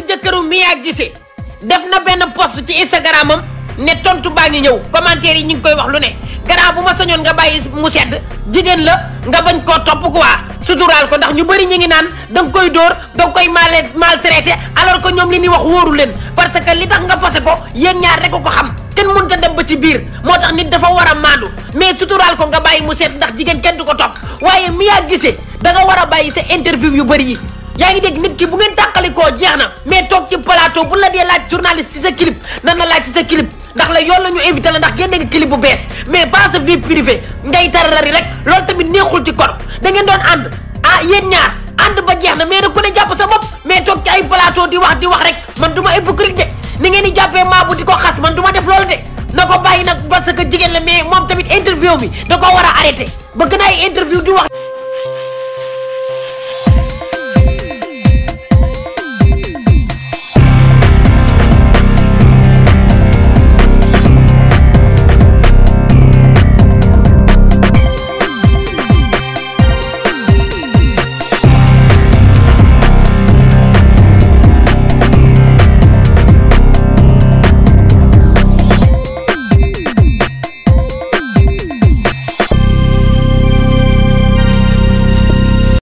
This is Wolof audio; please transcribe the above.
sa jëkkëru Mia Guissé def na benn post ci Instagram am ne tontu baa ngi ñëw commentaire yi ñu ngi koy wax lu ne garaaw bu ma sañoon nga bàyyi mu sedd jigéen la nga bañ koo topp quoi suturaal ko ndax ñu bëri ñu ngi naan da koy dóor da nga koy mal maltraité alors ko ñoom li muy wax wóoru leen parce que li tax nga fase ko yéen ñaar rek ko xam kenn mun ta dem ba ci biir moo tax nit dafa war a maandu mais suturaal ko nga bàyyi mu sedd ndax jigéen kenn du ko topp waaye Mia Guissé da nga war a bàyyi sa interview yu bëri yi yaa ngi dégg nit ki bu ngeen tàqalikoo jeex na mais toog ci plateau bu la dee laaj journaliste ci sa clip nan la laaj ci sa clip ndax la yoon la ñu invité la ndax génne nga clip bu bees mais pas sa vie privée ngay tararari rek loolu tamit neexul ci kor da ngeen doon ànd ah yéen ñaar ànd ba jeex na mais nag ku ne jàpp sa bopp mais toog ci ay plateau di wax di wax rek man du ma hypocrite de ni ngeen di jàppee Mabou di ko xas man du ma def loolu de. na ko bàyyi que jigéen la mais moom tamit interview